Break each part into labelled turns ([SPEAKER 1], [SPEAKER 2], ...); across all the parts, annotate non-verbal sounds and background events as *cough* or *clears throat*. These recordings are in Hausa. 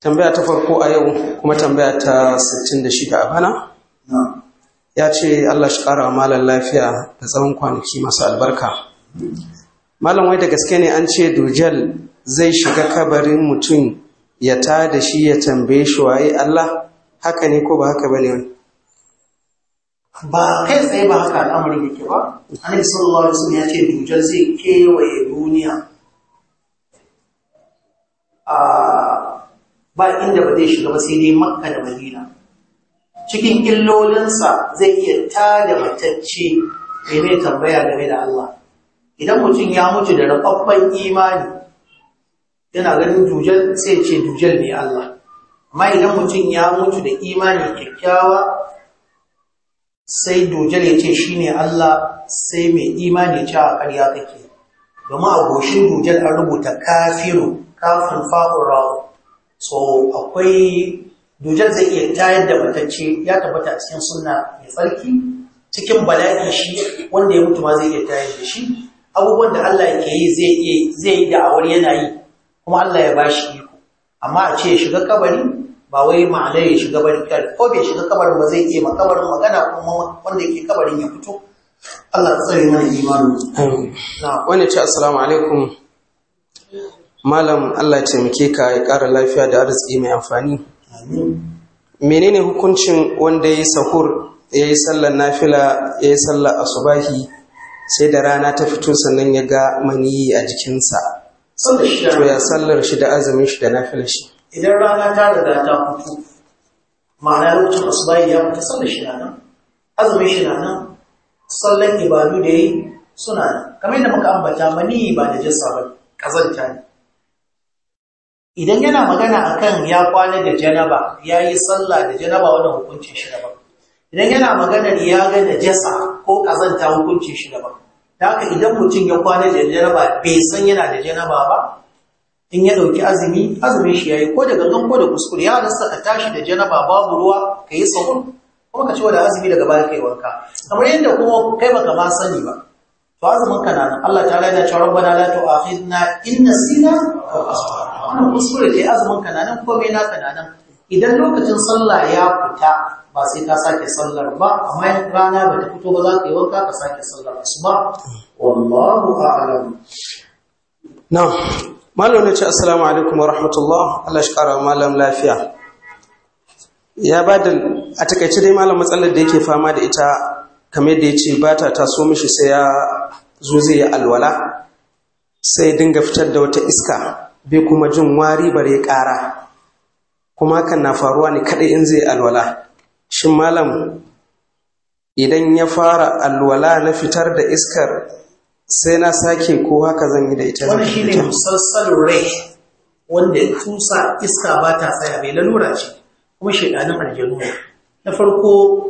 [SPEAKER 1] tambaya ta farko a yau kuma tambaya ta 66 a bana ya ce Allah shi ƙara malar lafiya da tsawon kwanaki masu albarka malam wai da gaske ne an ce dujal zai shiga kabarin mutum ya ta da shi ya tambaye shi waye Allah haka ne ko ba haka ba ne wani
[SPEAKER 2] ba kai tsaye ba haka al'amarin yake ba annabi sallallahu alaihi wasallam ya ce dujal zai kewaye duniya a ah, ba inda ba zai shiga ba sai dai makka da madina cikin illolinsa zai iya tada matacce mai tambaya game da Allah idan mutum ya mutu da rababban imani yana ganin dujal sai ce dujal ne Allah amma idan mutum ya mutu da imani kyakkyawa sai dujal ya ce shi Allah sai mai imani ce a ƙarya kake domin a goshin dujal an rubuta kafiru kafin fa'urawa so akwai dujal zai iya tayar da matacce ya tabbata a cikin sunna mai tsarki cikin bala'i shi wanda ya mutu ma zai iya tayar da shi abubuwan da Allah ke yi zai yi da awar yana yi kuma Allah ya bashi iko amma a ce shiga kabari ba wai ma'anar ya shiga bari ko bai shiga kabarin ba zai iya makabarin magana kuma wanda ke kabarin ya fito Allah tsare mana imanu Na,
[SPEAKER 1] wani ce assalamu alaikum malam Allah ce muke ka ya ƙara lafiya da arziki mai amfani menene hukuncin wanda ya yi sahur ya yi sallar nafila ya yi sallar asubahi sai da rana ta fito sannan ya ga maniyi a jikinsa to ya sallar shi da azumin shi da fila shi
[SPEAKER 2] idan rana ta riga ta fito ma'ana lokacin asubahi ya fita sallar shi nan azumin shi nan sallar ibadu da yi suna nan kamar yadda muka ambata maniyi ba da jinsa ba kazanta ne idan yana magana akan ya kwana da janaba ya yi sallah da janaba wannan hukuncin shi daban idan yana maganar ya ga jasa ko kazanta hukunci shi daban da haka idan mutum ya kwana da janaba bai san yana da janaba ba in ya dauki azumi azumin shi yayi ko daga gangan ko da kuskure ya rasa ka tashi da janaba babu ruwa ka yi sahur kuma ka ci wa da azumi daga baya kai wanka kamar yadda kuma kai baka ma sani ba to azumin ka nan Allah ta yana cewa rabbana la tu'akhidna in nasina aw akhtana wannan kuskure ne azumin kananan, nan ko mai naka nan
[SPEAKER 1] idan lokacin sallah ya
[SPEAKER 2] fita ba sai ka sake sallar ba amma in rana ba ta fito ba za ka yi wanka ka sake sallar asuba wallahu a'lam
[SPEAKER 1] na malam ne ce assalamu alaikum wa Allah shi kara malam lafiya ya bada a takaice dai malam matsalar da yake fama da ita kamar yadda ya ce ba ta taso mishi sai ya zo zai yi alwala sai dinga fitar da wata iska bai kuma jin wari bare ƙara kuma kan na faruwa ne kaɗai in zai alwala shin malam idan ya fara alwala na fitar da iskar sai na sake ko haka zan yi da ita wani shi ne
[SPEAKER 2] musalsalin rai wanda tusa iska ba ta tsaya mai lalura ce kuma shaidanin aljanu na farko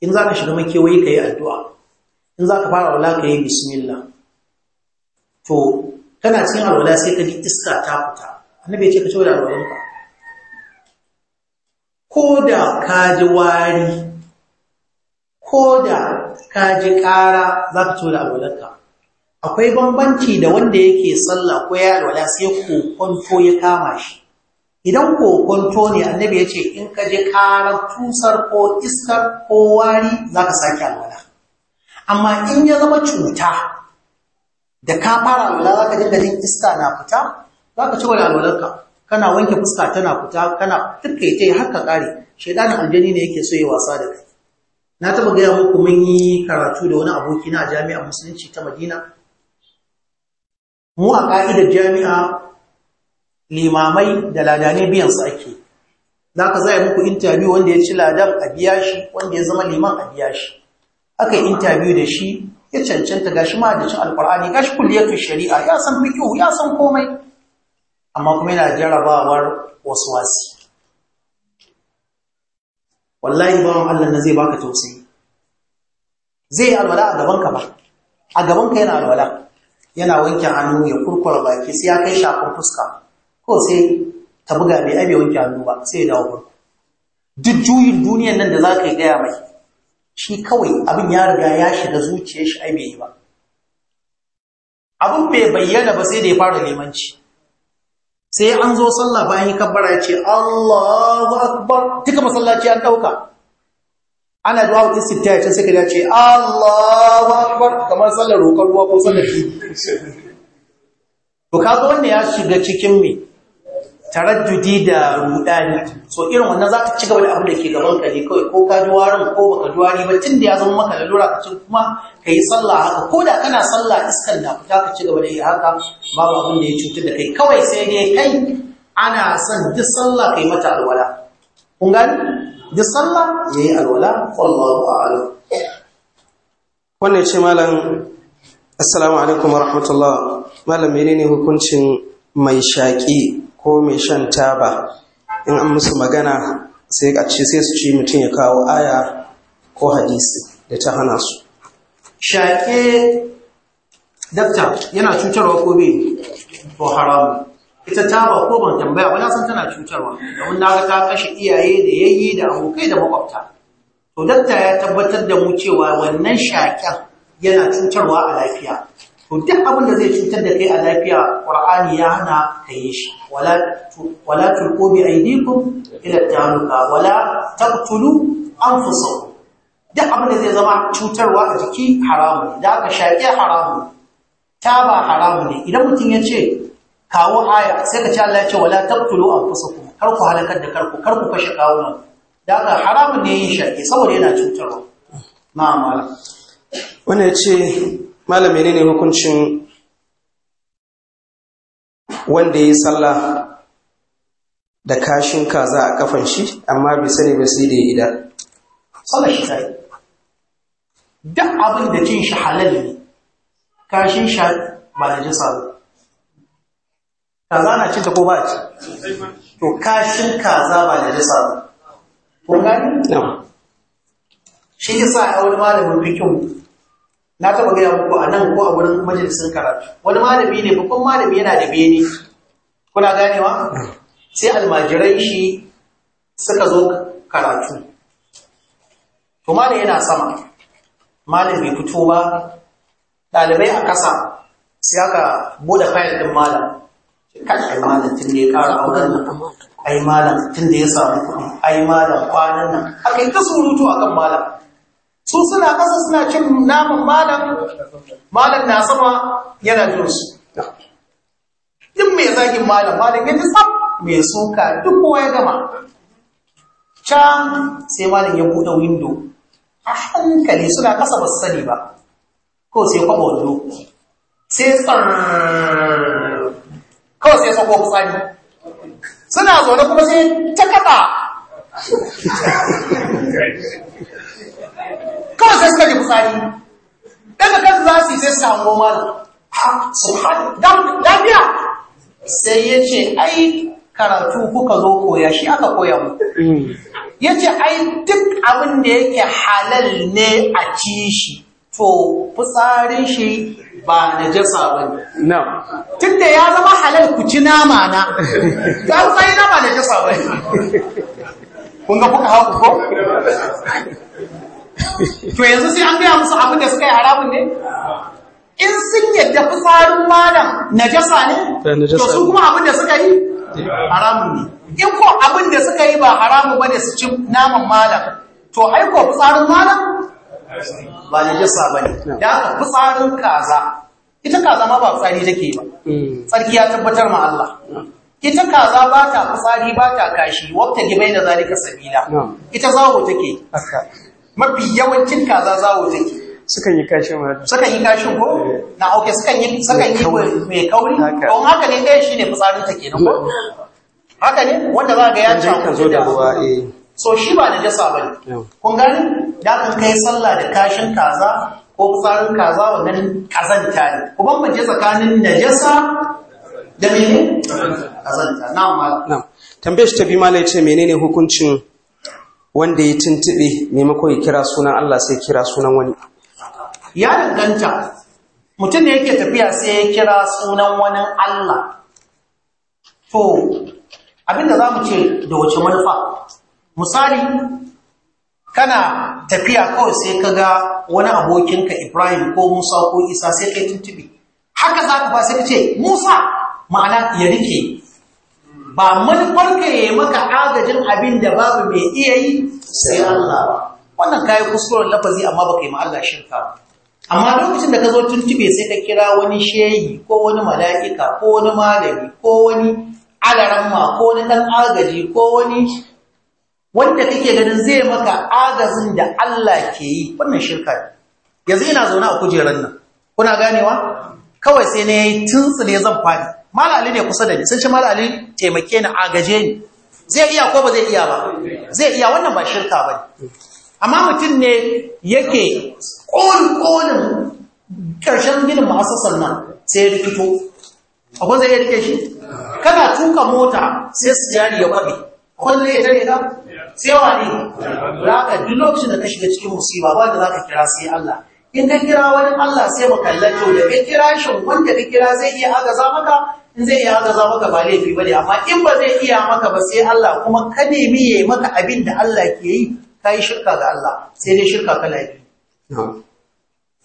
[SPEAKER 2] in za ka shiga makewayi ka yi addu'a in za ka fara wala ka yi bismillah to kana cin alwala sai ka ji iska ta fita annabi ya ce ka cewa alwalanka ko da ka ji wari koda ka ji ƙara za ka cewa alwalanka akwai bambanci da wanda yake sallah ko ya alwala sai kokonto ya kama shi idan kokonto ne annabi ya ce in ka ji ƙara, tusar ko iskar ko wari za ka sake alwala amma in ya zama cuta da ka fara alwala za ka dinga jin iska na fita za ka ci wani alwalarka kana wanke fuska tana fita kana tukka ita har ka kare Shaidan aljani ne yake so ya wasa da kai na taba gaya muku mun yi karatu da wani aboki na jami'an musulunci ta madina mu a ƙa'idar jami'a limamai da ladane biyan su ake za ka zaya muku interview wanda ya ci ladan a biya shi wanda ya zama liman a biya shi aka yi interview da shi ya cancanta gashi ma da cin alkur'ani gashi kulliyatu shari'a ya san fiqh ya san komai amma kuma yana jarabawar wasi. wallahi bawan Allah na zai baka tausayi zai alwala a gaban ka ba a gaban ka yana alwala yana wanke hannu ya kurkura baki sai ya kai shafin fuska ko sai ta buga bai abe wanke hannu ba sai ya dawo duk juyin duniyan nan da za ka yi gaya mai shi kawai abin ya riga ya shiga zuciyar shi ai bai yi ba abin bai bayyana ba sai da ya fara limanci sai an zo sallah bayan kabbara ya ce Allahu akbar duka masallaci an ɗauka. ana du'a istifta ya ce sai ka ce Allahu akbar kamar sallar roƙar ruwa ko sallar ki to zo wanda ya shiga cikin mai taraddudi da rudani so irin wannan za ta ci gaba da abin da ke gaban ka ne kawai ko ka ji warin ko baka duwari ne ba tun da ya zama maka lalura ka kuma ka yi sallah haka ko da kana sallah iskan da fita ka ci gaba da yi haka babu abin da ya cutar da kai kawai sai dai kai ana son duk sallah kai mata alwala kun gani duk sallah ya yi alwala wallahu a'lam
[SPEAKER 1] wannan ce malam assalamu alaikum wa rahmatullah malam menene hukuncin mai Shaki. ko mai shan taba in an musu magana sai a ce sai su ci mutum ya kawo aya ko hadisi da ta hana su
[SPEAKER 2] shaƙe dafta yana cutarwa ko bai ko haram ita taba ko ban tambaya ba na san tana cutarwa domin na ga ta kashe iyaye da yayi da abokai da makwabta to dafta ya tabbatar da mu cewa wannan shaƙen yana cutarwa a lafiya to duk abin da zai cutar da kai a lafiya ƙur'ani ya hana ka yi shi wala wala bi aydikum ila taluka wala an anfusakum duk abin da zai zama cutarwa a jiki haramu ne da aka shaƙe haramu ba haramu ne idan mutum ya ce kawo aya sai ka ci Allah ya ce wala taqtulu anfusakum kar ku halakar da karku kar ku kashe kawunan da aka haramun ne yin shaƙe saboda yana cutarwa na amala
[SPEAKER 1] wanda ya ce malam menene hukuncin wanda ya yi sallah da kashin kaza a kafan shi amma bai sani ba sai da ya ida
[SPEAKER 2] sallah shi ta yi duk abin da cin shi halal ne kashin sha ba da jisa ba kaza na cinta ko ba ci to kashin kaza ba da jisa ba ko gani? shi yasa a wani malamin bikin na taɓa gaya muku a nan ko a wurin majalisun karatu wani malami ne babban malami yana da bene kuna ganewa sai almajirai shi suka zo karatu to malami yana sama Malami bai fito ba ɗalibai a ƙasa sai aka bude fayil ɗin malam kai malam tun da ya ƙara auren nan ai malam tun da ya samu kuɗi ai malam kwanan nan akai ta surutu akan malam su suna ƙasa suna cin naman malam malam na sama yana jin su mai zagin malam malam ya ji mai soka duk kowa ya gama can sai malam ya buɗe windo a hankali suna ƙasa ba su sani ba ko sai kwaɓa wando sai tsar kuma sai ta kawai sai suka ji fitsari daga kan za su yi sai samu mara ha subhan sai ya ce ai karatu kuka zo koya shi aka koya mu ya ce ai duk abin da yake halal ne a ci shi to fitsarin shi ba na jasa ba ne. Tun da ya zama halal ku ci nama na, ta tsayi na ba na jasa ba ne. Kun ga kuka haku ko? to yanzu sai an gaya musu abin da suka yi haramun ne in sun yadda fitsarin malam najasa ne
[SPEAKER 1] eh, to su kuma
[SPEAKER 2] abin da suka yi haramun ne in ko abin da suka yi ba haramu ba ne su ci naman malam to aiko fitsarin malam ba najasa ba ne hmm. da aka fitsarin kaza ita kaza ma ba fitsari take ba hmm. tsarki ya tabbatar ma Allah hmm. ita kaza ba ta fitsari ba ta kashi wata gibai da zalika sabila ita zawo take mafi yawancin kaza zawo take
[SPEAKER 1] sukan yi kashin ma
[SPEAKER 2] sukan yi kashin ko eh. na auke sukan yi sukan yi mai kauri don haka ne dai eh, shine fitsarin ta kenan ko haka ne wanda za ga ya ci ka zo da ruwa eh so shi ba da jasa bane kun gani da kan kai sallah da kashin kaza ko fitsarin kaza wannan kazanta ne ku je tsakanin najasa da mene kazanta na'am
[SPEAKER 1] na'am tambayar ta bi mallai ce menene hukuncin wanda ya tuntube maimakon ya kira sunan Allah sai kira sunan wani
[SPEAKER 2] ya danganta mutum ne yake tafiya sai ya kira sunan wani Allah to abinda za mu ce da wace manufa misali kana tafiya kawai sai ka ga wani abokinka ibrahim ko musa ko isa sai ka yi haka za ka ba sai ka ce musa ma'ana ya rike ba manufar ka yi maka agajin abin da babu mai iya yi sai Allah wannan kayi kuskuren lafazi amma baka yi ma Allah shirka amma lokacin da ka zo tun tube sai ka kira wani shehi ko wani mala'ika ko wani malami ko wani alaramma ko wani ɗan agaji ko wani wanda kake ganin zai maka agazin da Allah ke yi wannan shirka ne yanzu ina zaune a kujerar nan kuna ganewa kawai sai na yi tuntsu ne zan fadi mala ali ne kusa da ni sun ce mala ali taimake ni agaje ni zai iya ko ba zai iya ba zai iya wannan ba shirka ba amma mutum ne yake kon kon ƙarshen ginin ma'asasar nan sai ya rikito akwai zai iya rike shi kana tuka mota sai su jari ya kwabe akwai zai iya tare ka sai wani za ka duk lokacin da ka shiga cikin musiba ba da za ka kira sai Allah in ka kira wani Allah sai mu kallato da ka kira shi wanda ka kira zai iya agaza maka in zai iya haka za maka ba laifi bane amma in ba zai iya maka ba sai Allah kuma ka nemi yi maka abin da Allah ke yi ka yi shirka ga Allah sai dai shirka ka biyu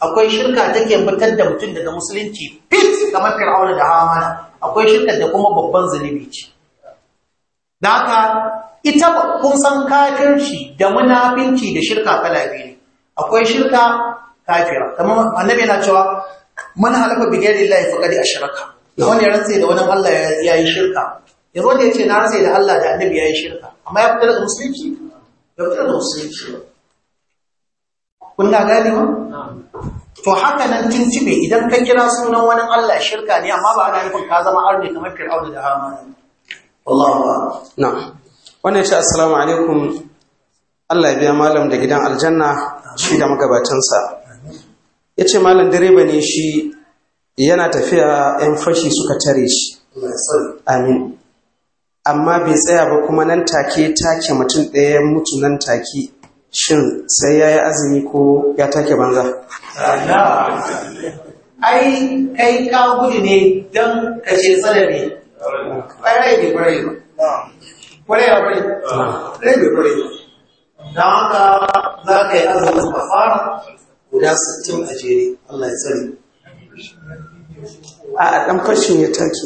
[SPEAKER 2] akwai shirka take fitar da mutum daga musulunci fit kamar fir'auna da hamana akwai shirka da kuma babban zunubi ce da haka ita kun san kafirci da munafinci da shirka kala biyu ne akwai shirka kafira kamar annabi yana cewa man halafa bi ghairi llahi ashraka da wani rantse da wani Allah ya yi shirka zo da ya ce na rantse da Allah da annabi ya yi shirka amma ya fitar da musulunci ya fitar da musulunci ba. na gane ba to haka nan tuntube idan ka kira sunan wani Allah shirka ne amma ba ana nufin ka zama arne kamar fir'auna da hamani
[SPEAKER 1] wallahu na'am wannan ce assalamu alaikum Allah ya biya malam da gidan aljanna shi da magabatansa ya ce malam direba ne shi yana tafiya 'yan fashi suka tare shi amin amma bai tsaya ba kuma nan take take mutum ɗaya mutu nan take shin sai ya yi azumi ko ya take banza
[SPEAKER 2] ai kai ka gudu ne don ka ce tsada ne ƙwarai da ƙwarai ba ƙwarai ba ƙwarai ƙwarai da ƙwarai don haka za ka yi azumin fara? guda 60 a jere Allah ya tsare
[SPEAKER 1] a ɗan fashin ya take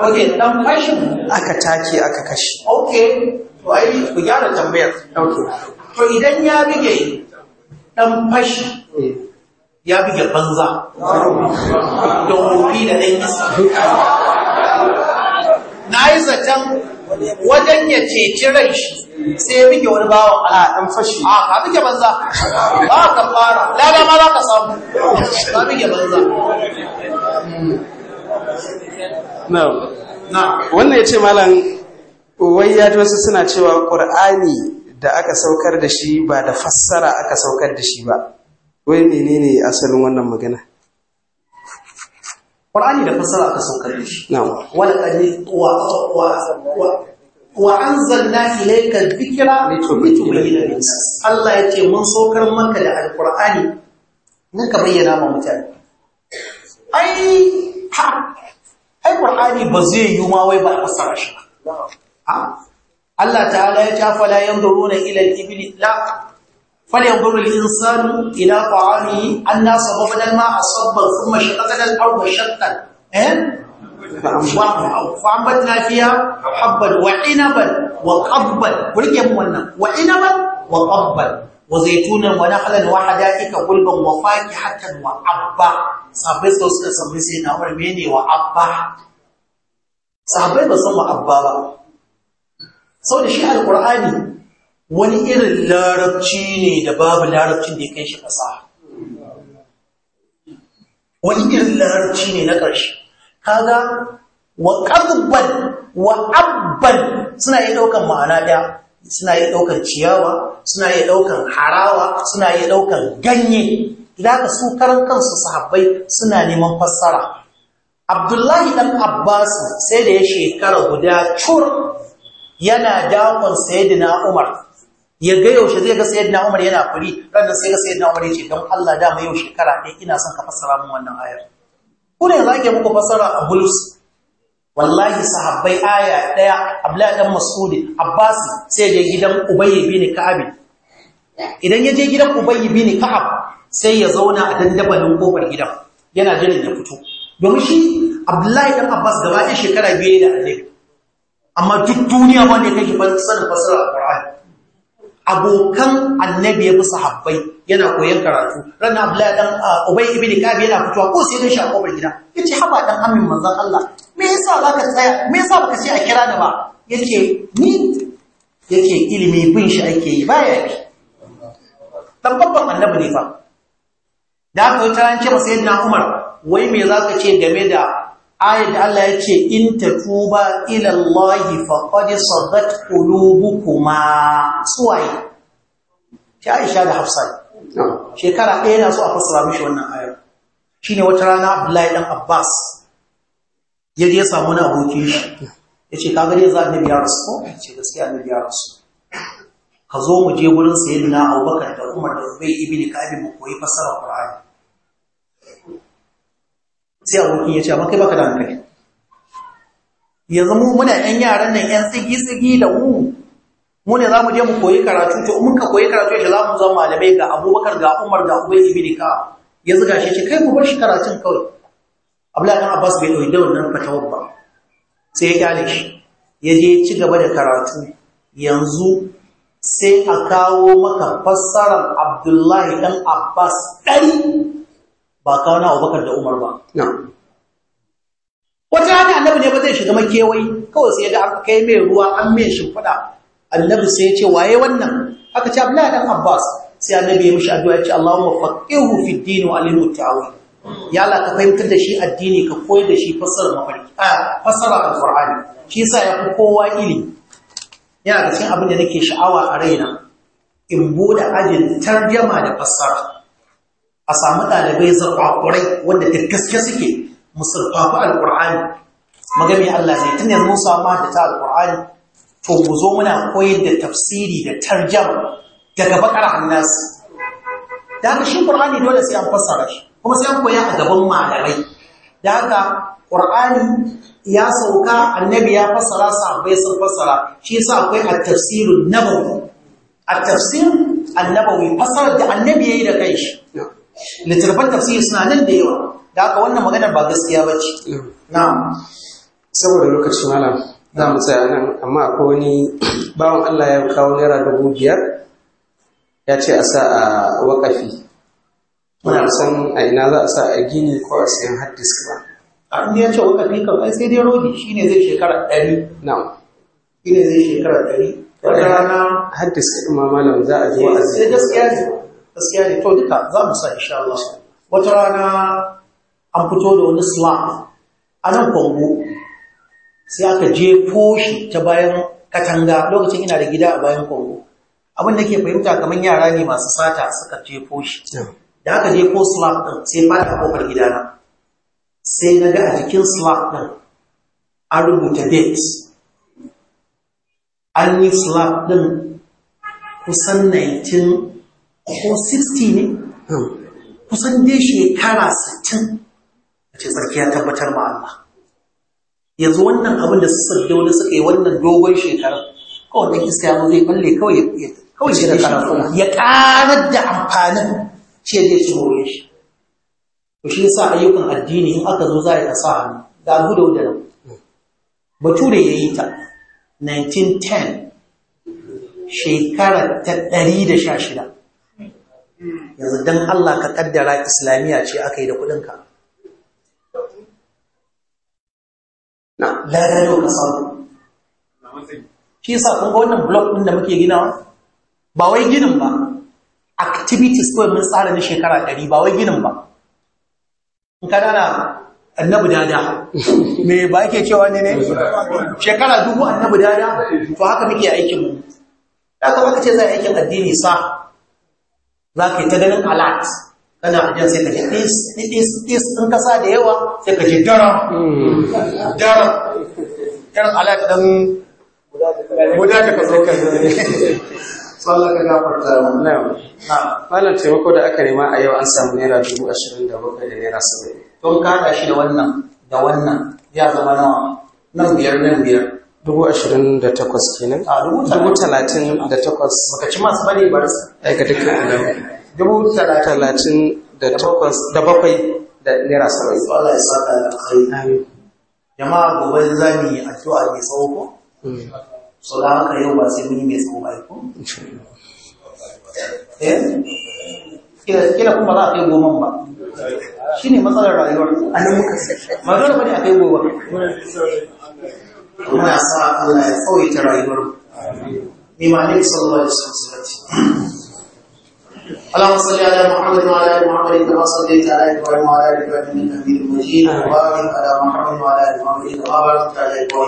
[SPEAKER 2] ok ɗan fashin
[SPEAKER 1] aka take aka kashe
[SPEAKER 2] ok to ai ku gyara tambayar ok to idan ya bige ɗan fashi ya bige banza don wofi da ɗan isa na yi zaton wajen ya ceci rai shi sai muke wani bawan Allah ɗan fashi a ka muke banza ba ka fara lada ma za ka samu ba muke banza
[SPEAKER 1] na wannan ya ce malan wai ya ji wasu suna cewa qur'ani da aka saukar da shi ba da fassara aka saukar da shi ba wai menene asalin wannan magana
[SPEAKER 2] Qur'ani da Fasara ta saukar da shi Wani qad wa wa wa anzalna ilayka dhikra litubayyana lin Allah ya ce mun saukar maka da alqur'ani nan ka bayyana ma mutane ai ha ai qur'ani ba zai yi ma wai ba fassara shi ba Allah ta'ala ya ce fa la yanzuruna ila al-ibli la فلينظر الإنسان إلى طعامه أنا صببنا الماء صبا ثم شققنا الأرض شقا فأنبتنا فيها حبا وعنبا وقبا ورجع مولنا وعنبا وقبا وزيتونا ونخلا وحدائق قلبا وفاكهة وعبا صحابي صلى الله عليه وسلم سيدنا عمر ميني وعبا صحابي بصموا عبا صلى الله عليه وسلم القرآن wani irin larabci ne da babu larabcin da ya kai shi fasaha wani irin larabci ne na ƙarshe kaga wa ƙarban wa abban suna yi ɗaukar ma'ana ɗaya suna yi ɗaukar ciyawa suna yi ɗaukan harawa suna yi ɗaukan ganye idan ka su karan kansu sahabbai suna neman fassara abdullahi ɗan abbas sai da ya shekara guda cur yana dakon sayidina umar ya ga yaushe zai ga sayar sayyidina Umar yana fari ranar sai ga sayyidina Umar yace dan Allah da mai yau shekara ɗaya ina son ka fassara mun wannan ayar Kuna ne zake muku fassara a bulus wallahi sahabbai aya ɗaya Abdullahi dan mas'udi Abbas sai ya gidan Ubay bin Ka'ab idan ya je gidan Ubay bin Ka'ab sai ya zauna a dandabalin kofar gidan yana jiran ya fito domin shi Abdullahi dan Abbas gaba ɗaya shekara biyu da Annabi amma duk duniya wanda yake sanin fassara Qur'ani abokan annabi ya fi Habbai yana koyon karatu ranar abdullahi dan ah, ubay ibn kabi yana fitowa ko sai dai shi a kofar gida yace haba dan amin manzan Allah me yasa ka tsaya me yasa baka ce a kira ni ba yace ni ce ilimi bin shi ake yi ba bi dan babban annabi ne fa da aka yi taran ce Umar wai me ka ce game da ayat da Allah ya ce in tatuba ila Allah faqad sadat qulubukuma suwai Ta Aisha da Hafsa shekara ɗaya na so a fassara mishi wannan ayat shine wata rana Abdullahi dan Abbas ya je samu na abokin shi yace ka gare za annabi ya rasu ko yace gaskiya annabi ya rasu ka zo mu je gurin sayyidina Abubakar da Umar da Ubay ibn Ka'ab mu koyi fassara Qur'ani sai abokin ya ce amma kai baka da hankali yanzu mu muna yan yaran nan yan tsigi-tsigi da mu mu ne za mu je mu koyi karatu to mun ka koyi karatu ya za mu zama malamai ga abubakar ga umar ga ubay ibn ka zuga shi ce kai mu bar shi karatun kawai abdullahi dan abbas bai ɗauki da wannan fatawar ba sai ya kyale shi ya je ci gaba da karatu yanzu sai a kawo maka fassarar abdullahi ɗan abbas ɗari ba kawo na abubakar da umar ba wata hana annabi ne ba zai shiga makewayi kawai sai ga aka kai mai ruwa an mai shimfiɗa annabi sai ya ce waye wannan aka ce abdullahi dan abbas sai annabi ya mishi addu'a ya ce allahumma faƙ'ihu fi din wa alimu ta'wil ya Allah ka fahimtar da shi addini ka koyar da shi fassara mafarki a fassara alqur'ani shi yasa ya fi kowa ili. yana da cikin abin da nake sha'awa a raina in bude ajin tarjama da fassara a samu ɗalibai zarfafurai wanda tirkaske suke musulfafi alƙur'ani magami Allah zai tun yanzu samu da ta alƙur'ani to mu zo muna koyar da tafsiri da tarjam daga bakar hannas da haka shi ƙur'ani dole sai an fassara shi kuma sai an koya a gaban malamai da haka ƙur'ani ya sauka annabi ya fassara bai sun fassara shi yasa akwai at-tafsirun nabawi at-tafsir an-nabawi da annabi yayi da kanshi littattafan tafsir suna nan da yawa da aka wannan maganar ba gaskiya ba ce
[SPEAKER 1] mm. na saboda lokacin malam za mu tsaya nan amma ko wani *clears throat* bawan Allah ya kawo naira dubu biyar ya ce a sa a wakafi muna san a ina za a sa a gini ko a sayan hard disk ba a inda ya ce
[SPEAKER 2] wakafi kan ai sai dai rodi shine zai shekara ɗari Shi shine zai shekara ɗari
[SPEAKER 1] wata rana hard disk ɗin ma malam za a ji eh, wa'azi gaskiya
[SPEAKER 2] ne gaskiya ne to duka za mu sa insha Allah wata rana an fito da wani slam a nan kwango sai aka je shi ta bayan katanga lokacin ina da gida a bayan kwango abin da ke fahimta kamar yara ne masu sata suka je shi da aka je ko slam ɗin sai ba ta kofar gidana sai na ga a jikin slam ɗin an rubuta date an yi slam ɗin kusan 19 ko 60 ne hmm. kusan dai shekara 60 a ce tsarki ya tabbatar ma Allah yanzu wannan abin da su da wani suka yi wannan dogon shekarar kawai da iska yamu zai balle kawai kawai shi da karafuna ya karar da amfanin ce zai ci shi ko shi sa ayyukan addini in aka zo za a yi da gudu da nan bature ya yi ta 1910 shekara ta shida. yanzu dan Allah ka kaddara islamiyya ce aka yi da kuɗinka na lada yau ka samu shi sa kun ga wannan blog ɗin da muke ginawa ba wai ginin ba activities kawai mun tsara na shekara ɗari ba wai ginin ba in ka dana annabu dada me ba yake cewa ne ne shekara dubu annabu dada to haka muke aikin mu da kuma kace zai aikin addini sa za ta ganin alat kana ajiyar sai ka ji is is in sa da yawa sai ka ji dara dara yan alat ɗan guda da kasar kan sallah ka gafarta malam taimako da aka nema a yau an samu naira dubu da da naira 70 don ka shi da wannan da wannan ya zama nawa
[SPEAKER 1] nan biyar nan biyar dubu ashirin da takwas kenan a dubu talatin da takwas baka ci masu bane ba ai ka dukkan dubu talatin da takwas da bakwai da naira saba'in Allah ya saka
[SPEAKER 2] alkhairi amin jama'a gobe zani addu'a mai tsawo ko hmm. so da haka yau ba sai mun yi mai tsawo ba ko eh kila kuma za a kai goma ba Shi ne matsalar rayuwar a nan muka sai magana bane a kai goma muna sa Allah ya tsawaita rayuwar mima ne tsawar da sun sarati. Allahun da masu da ta ala yi kwarin ma'ala da kwarin da kwarin da kwarin da kwarin da kwarin
[SPEAKER 1] da kwarin da kwarin da kwarin da kwarin da kwarin da kwarin da kwarin da kwarin da kwarin da kwarin da da kwarin